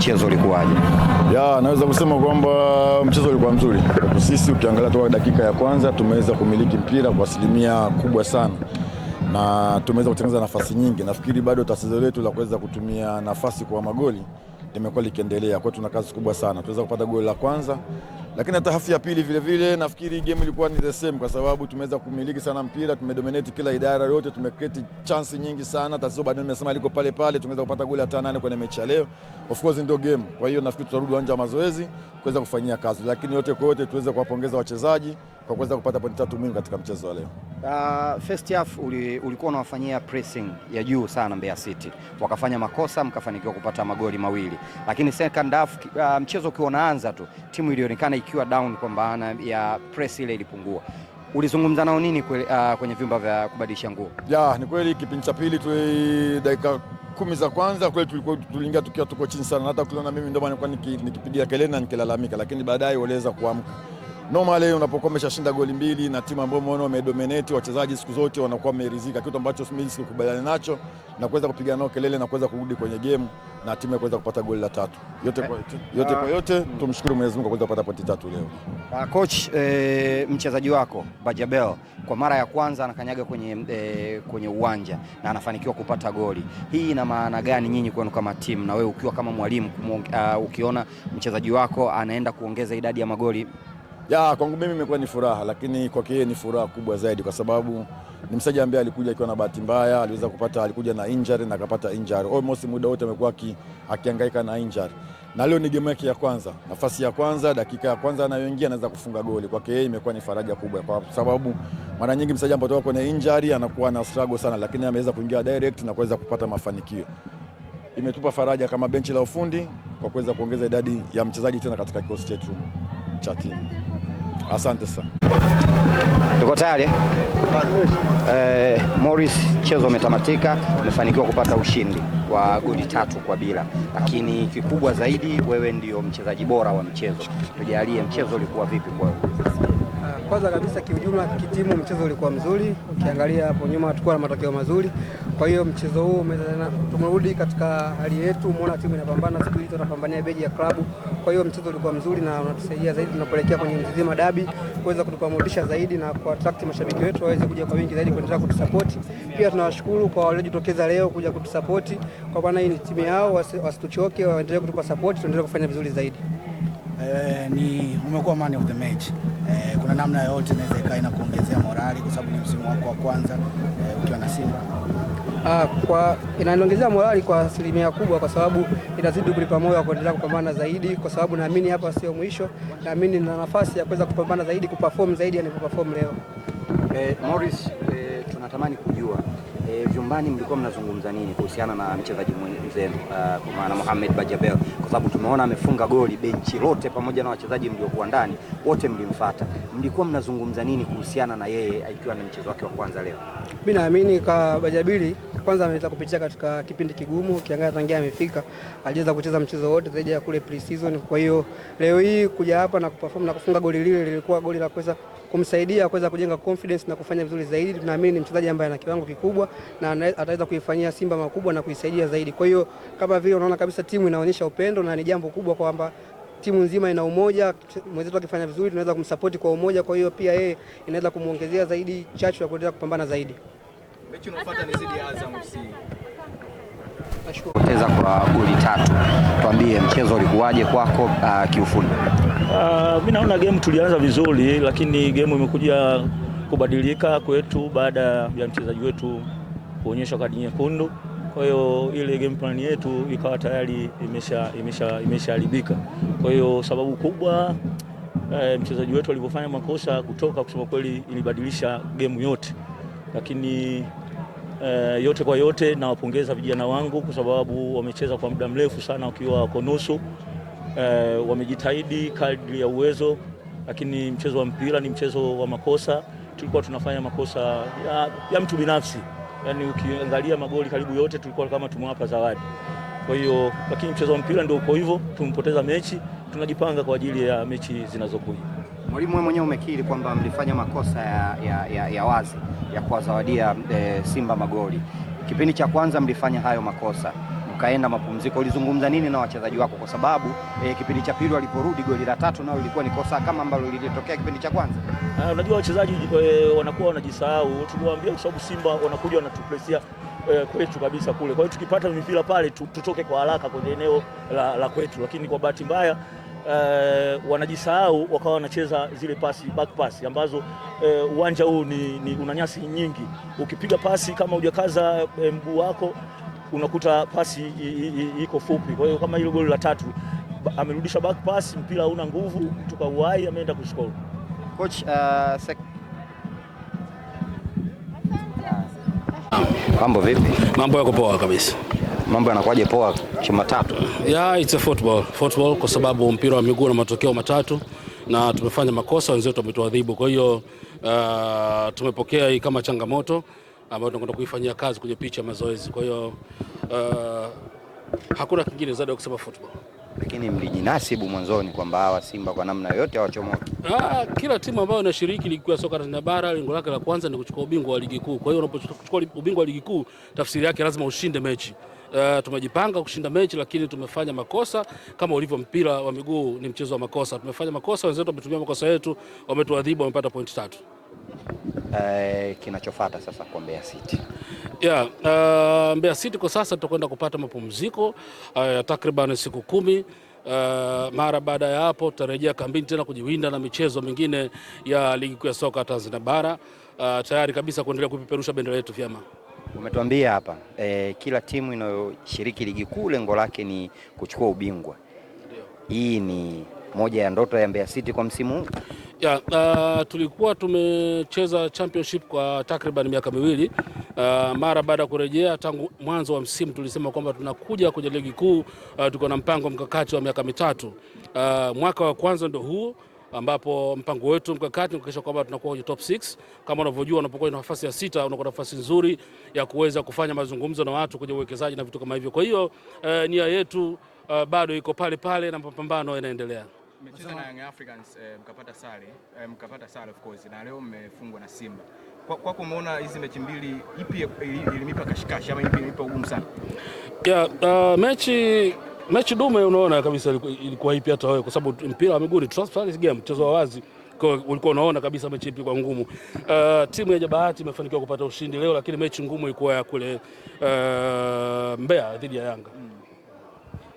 mchezo ulikuwaje? Ya, naweza kusema kwamba mchezo ulikuwa mzuri. Sisi ukiangalia toka dakika ya kwanza tumeweza kumiliki mpira kwa asilimia kubwa sana na tumeweza kutengeneza nafasi nyingi. Nafikiri bado tatizo letu la kuweza kutumia nafasi kwa magoli limekuwa likiendelea, kwa tuna kazi kubwa sana. Tuweza kupata goli la kwanza lakini hata hafu ya pili vile vile nafikiri game ilikuwa ni the same, kwa sababu tumeweza kumiliki sana mpira, tumedominate kila idara yote, tumecreate chance nyingi sana. Tatizo bado nimesema liko pale pale, tumeweza kupata goli hata nane kwenye mechi ya leo. Of course ndio game, kwa hiyo nafikiri tutarudi uwanja wa mazoezi kuweza kufanyia kazi, lakini yote kwa yote tuweze kuwapongeza wachezaji kwa kuweza kupata pointi tatu muhimu katika mchezo wa leo. Uh, first half uli, ulikuwa unawafanyia pressing ya juu sana Mbeya City, wakafanya makosa mkafanikiwa kupata magoli mawili, lakini second half uh, mchezo ukiwa unaanza tu timu ilionekana ikiwa down maana ya press ile ilipungua. Ulizungumza nao nini kwe, uh, ah, kwenye vyumba vya kubadilisha nguo? Ya, ni kweli kipindi cha pili tu dakika kumi za kwanza kweli tulikuwa tuliingia tukiwa tuko chini sana, hata kuliona mimi ndio maana nilikuwa nikipigia kelele na nikilalamika, lakini baadaye waliweza kuamka normally unapokuwa umeshashinda goli mbili na timu ambayo umeona wamedominate wachezaji siku zote wanakuwa wameridhika, kitu ambacho mimi sikukubaliana nacho na kuweza kupiga nao kelele na kuweza kurudi kwenye game na timu kuweza kupata goli la tatu. Yote kwa yote, kwa yote ah, mm. tumshukuru Mwenyezi Mungu kwa kuweza kupata pointi tatu leo. Ah, coach, eh, mchezaji wako Bajabel kwa mara ya kwanza anakanyaga kwenye, eh, kwenye uwanja na anafanikiwa kupata goli. Hii ina maana gani nyinyi kwenu kama timu na wewe ukiwa kama mwalimu uh, ukiona mchezaji wako anaenda kuongeza idadi ya magoli ya, kwangu mimi imekuwa ni furaha, lakini kwake yeye ni furaha kubwa zaidi, kwa sababu ni msaji ambaye alikuja akiwa na bahati mbaya, aliweza kupata, alikuja na injury na akapata injury. Almost muda wote amekuwa akihangaika na injury, na leo ni game yake ya kwanza, nafasi ya kwanza, dakika ya kwanza anayoingia anaweza kufunga goli. Kwake yeye imekuwa ni faraja kubwa, kwa sababu mara nyingi msaji ambaye kutoka kwenye injury anakuwa na struggle sana, lakini ameweza kuingia direct na kuweza kupata mafanikio. Imetupa faraja kama benchi la ufundi kwa kuweza kuongeza idadi ya mchezaji tena katika kikosi chetu cha timu. Asante sana. Tuko tayari eh, Morris, mchezo umetamatika, umefanikiwa kupata ushindi wa goli tatu kwa bila, lakini kikubwa zaidi, wewe ndio mchezaji bora wa mchezo. Tujalie mchezo ulikuwa vipi wewe? Kwanza kabisa kiujumla, kitimu mchezo ulikuwa mzuri, ukiangalia hapo nyuma hatukuwa na matokeo mazuri. Kwa hiyo mchezo huu tumerudi katika hali yetu, umeona timu inapambana, siku hizi tunapambania beji ya klabu. Kwa hiyo mchezo ulikuwa mzuri na unatusaidia zaidi tunapoelekea kwenye mzizima dabi kuweza kutupamotisha zaidi na kuattract mashabiki wetu waweze kuja kwa wingi zaidi kuendelea kutusapoti. Pia tunawashukuru kwa waliojitokeza leo kuja kutusapoti, kwa maana hii ni timu yao, wasituchoke, waendelee kutupa support, tuendelee kufanya vizuri zaidi. Eh, ni umekuwa man of the match eh, kuna namna yoyote inaweza ikawa inakuongezea morali kwa sababu ni msimu wako wa kwanza eh, ukiwa na Simba? Ah, kwa inaniongezea morali kwa asilimia kubwa, kwa sababu inazidi kulipa moyo wa kuendelea kupambana zaidi, kwa sababu naamini hapa sio mwisho. Naamini na nafasi ya kuweza kupambana zaidi, kuperform zaidi, anipoperform leo. Eh, Morris, eh, tunatamani kujua E, vyumbani mlikuwa mnazungumza nini kuhusiana na mchezaji mwenzenu uh, ah, kwa maana Mohamed Bajabel, kwa sababu tumeona amefunga goli, benchi lote pamoja na wachezaji mliokuwa ndani wote mlimfuata. Mlikuwa mnazungumza nini kuhusiana na yeye ikiwa ni mchezo wake wa kwanza leo? Mimi naamini kwa Bajabili kwanza ameweza kupitia katika kipindi kigumu, kiangaza tangia amefika aliweza kucheza mchezo wote zaidi ya kule pre-season. Kwa hiyo leo hii kuja hapa na kuperform na kufunga goli lile lilikuwa goli la kuweza kumsaidia kuweza kujenga confidence na kufanya vizuri zaidi. Tunaamini ni mchezaji ambaye ana kiwango kikubwa na ataweza kuifanyia Simba makubwa na kuisaidia zaidi. Kwa hiyo kama vile unaona kabisa timu inaonyesha upendo na ni jambo kubwa kwamba timu nzima ina umoja. Mwenzetu akifanya vizuri tunaweza kumsapoti kwa umoja, kwa hiyo pia yeye inaweza kumwongezea zaidi chachu ya kuendelea kupambana zaidi. Mechi inayofuata ni dhidi ya Azam FC. Poteza kwa goli tatu, tuambie mchezo ulikuwaje kwako uh, kiufundi? Uh, naona game tulianza vizuri, lakini game imekuja kubadilika kwetu baada ya mchezaji wetu kuonyesha kadi nyekundu. Kwa hiyo ile game plan yetu ikawa tayari imesha imesha imeshaharibika. Kwa hiyo sababu kubwa e, mchezaji wetu alivyofanya makosa kutoka, kusema kweli, ilibadilisha game yote, lakini e, yote kwa yote nawapongeza vijana wangu kwa sababu wamecheza kwa muda mrefu sana wakiwa wako nusu e, wamejitahidi kadri ya uwezo, lakini mchezo wa mpira ni mchezo wa makosa. Tulikuwa tunafanya makosa ya, ya mtu binafsi yani ukiangalia magoli karibu yote tulikuwa kama tumewapa zawadi. Kwa hiyo lakini mchezo wa mpira ndio uko hivyo, tumpoteza mechi, tunajipanga kwa ajili ya mechi zinazokuja. Mwalimu, wewe mwenyewe umekiri kwamba mlifanya makosa ya, ya, ya, ya wazi ya kuwazawadia e, Simba magoli. Kipindi cha kwanza mlifanya hayo makosa ukaenda mapumziko, ulizungumza nini na wachezaji wako? Kwa sababu e, kipindi cha pili waliporudi goli la tatu nao ilikuwa ni kosa kama ambalo lilitokea kipindi cha kwanza. Uh, unajua wachezaji e, wanakuwa wanajisahau, tuliwaambia kwa sababu Simba wanakuja wanatuplesia e, eh, kwetu kabisa kule. Kwa hiyo tukipata mipira pale tutoke kwa haraka kwenye eneo la, la kwetu, lakini kwa bahati mbaya Uh, wanajisahau wakawa wanacheza zile pasi back pass ambazo uwanja uh, huu ni, ni una nyasi nyingi. Ukipiga pasi kama hujakaza mguu wako unakuta pasi iko fupi. Kwa hiyo kama hilo goli la tatu amerudisha back pass, mpira hauna nguvu, kutoka uwai ameenda kushikora. Coach, uh, Mambo vipi? Mambo yako poa kabisa. Mambo yanakuwaje poa matatu? Yeah, it's a football. Football kwa sababu mpira wa miguu na matokeo matatu na tumefanya makosa, wenzetu wametuadhibu. Kwa hiyo uh, tumepokea hii kama changamoto ambayo tunakwenda kuifanyia kazi kwenye picha mazoezi. Kwa hiyo uh, hakuna kingine zaidi ya kusema football. Lakini mlijinasibu mwanzoni kwamba hawa Simba kwa namna yoyote hawachomoki. Ah, kila timu ambayo inashiriki ligi kuu ya soka Tanzania bara lengo lake la kwanza ni kuchukua ubingwa wa ligi kuu. Kwa hiyo unapochukua ubingwa wa ligi kuu, tafsiri yake lazima ushinde mechi. Uh, tumejipanga kushinda mechi lakini tumefanya makosa. Kama ulivyo mpira wa miguu ni mchezo wa makosa, tumefanya makosa, wenzetu wametumia makosa yetu, wametuadhibu, wamepata pointi tatu eh, kinachofata sasa kwa Mbeya City? Yeah, uh, Mbeya City kwa sasa tutakwenda kupata mapumziko uh, ya uh, takriban siku kumi. Uh, mara baada ya hapo tutarejea kambini tena kujiwinda na michezo mingine ya ligi kuu ya soka Tanzania bara. Uh, tayari kabisa kuendelea kupeperusha bendera yetu vyema. Umetuambia hapa eh, kila timu inayoshiriki ligi kuu lengo lake ni kuchukua ubingwa. Hii ni moja ya ndoto ya Mbeya City kwa msimu huu. Ya, uh, tulikuwa tumecheza championship kwa takriban miaka miwili uh, mara baada ya kurejea tangu mwanzo wa msimu tulisema kwamba tunakuja kwenye ligi kuu uh, tuko na mpango mkakati wa miaka mitatu uh, mwaka wa kwanza ndio huu ambapo mpango wetu mkakati kuhakikisha kwamba tunakuwa kwenye top 6. Kama unavyojua, unapokuwa na nafasi ya sita, unakuwa na nafasi nzuri ya kuweza kufanya mazungumzo na watu kwenye uwekezaji na vitu kama hivyo. Kwa hiyo uh, nia yetu uh, bado iko pale pale na mapambano yanaendelea. Mecheza na Young Africans eh, mkapata sare eh, mkapata sare of course, na leo mmefungwa na Simba. Kwa kwako umeona hizi mechi mbili ipi ilinipa kashikashi ama ipi ilinipa ugumu sana? Yeah, uh, mechi mechi dume unaona kabisa ilikuwa ipi hata wewe, kwa sababu mpira wa miguu ni transfer game, mchezo wa wazi kwa ulikuwa unaona kabisa mechi ipi kwa ngumu. Uh, timu ya Jabahati imefanikiwa kupata ushindi leo, lakini mechi ngumu ilikuwa ya kule uh, Mbeya dhidi ya Yanga.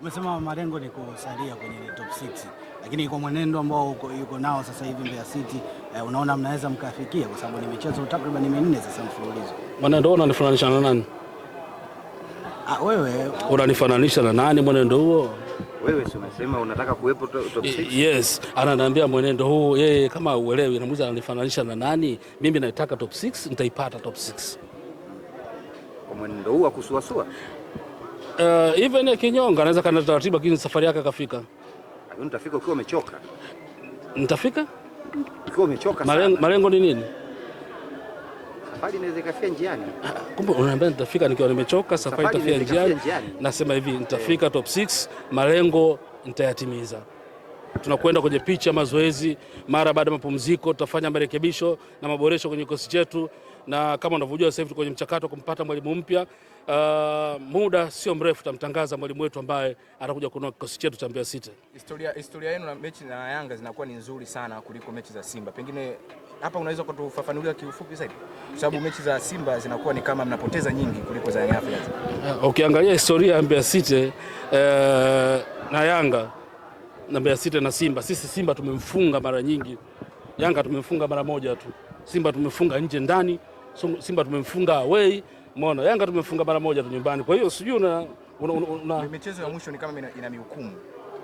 Umesema malengo ni kusalia kwenye top 6 lakini kwa mwenendo ambao yuko nao sasa hivi Mbeya City eh, unaona mnaweza mkafikia, kwa sababu ni michezo takriban minne sasa mfululizo. Bwana, ndio unanifananisha na nani? Ah, wewe unanifananisha na nani? mwenendo huo wewe si unasema unataka kuwepo top 6? Yes, ananiambia mwenendo huu yeye kama uelewi, namuuliza ananifananisha na nani? Mimi naitaka top 6, nitaipata top 6. Kwa mwenendo huu akusuasua. Uh, eh, even kinyonga anaweza kana taratibu, lakini safari yake akafika. Utafika ukiwa umechoka. Nitafika ukiwa umechoka. Malengo ni nini? Safari inaweza ikafia njiani. Kumbe unaniambia nitafika nikiwa nimechoka, safari itafia njiani. Nasema hivi eh. nitafika top 6, malengo nitayatimiza tunakwenda kwenye picha mazoezi, mara baada ya mapumziko tutafanya marekebisho na maboresho kwenye kikosi chetu, na kama unavyojua sasa hivi tuko kwenye mchakato wa kumpata mwalimu mpya. Uh, muda sio mrefu tutamtangaza mwalimu wetu ambaye atakuja kunoa kikosi chetu cha Mbeya City. Historia, historia yenu na mechi na Yanga zinakuwa ni nzuri sana kuliko mechi za Simba, pengine hapa unaweza kutufafanulia kiufupi zaidi, kwa sababu mechi za Simba zinakuwa ni kama mnapoteza nyingi kuliko za Yanga. Ah, ukiangalia okay, historia ya Mbeya City uh, na Yanga na Mbeya City na Simba. Sisi Simba tumemfunga mara nyingi, Yanga tumemfunga mara moja tu. Simba tumefunga nje ndani, Simba tumemfunga away, umeona. Yanga tumefunga mara moja tu nyumbani. Kwa hiyo sijui una, una, una... michezo ya mwisho ni kama ina, ina mihukumu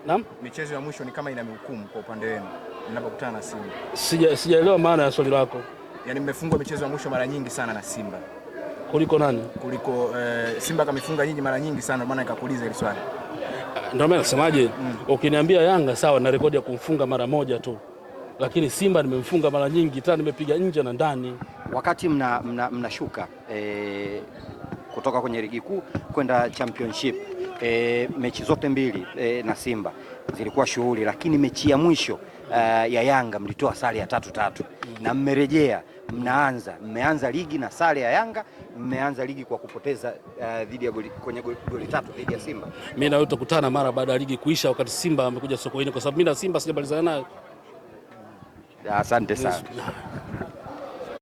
Naam, michezo ya mwisho ni kama ina mihukumu kwa upande wenu mnapokutana na Simba. Sija sijaelewa maana ya swali lako. Yaani mmefungwa michezo ya mwisho mara nyingi sana na Simba kuliko nani? Kuliko eh, Simba kamefunga nyinyi mara nyingi sana, maana nikakuuliza hili swali ndio maana nasemaje, ukiniambia Yanga sawa na rekodi ya kumfunga mara moja tu, lakini Simba nimemfunga mara nyingi, tena nimepiga nje na ndani. Wakati mnashuka mna, mna e, kutoka kwenye ligi kuu kwenda championship e, mechi zote mbili e, na Simba zilikuwa shughuli, lakini mechi ya mwisho Uh, ya Yanga mlitoa sare ya tatu tatu, na mmerejea, mnaanza mmeanza ligi na sare ya Yanga mmeanza ligi kwa kupoteza uh, dhidi ya goli, kwenye goli, goli tatu dhidi ya Simba. Mimi na wewe tutakutana mara baada ya ligi kuisha, wakati Simba amekuja Sokoine, kwa sababu mimi na Simba sijamalizana naye. Asante sana.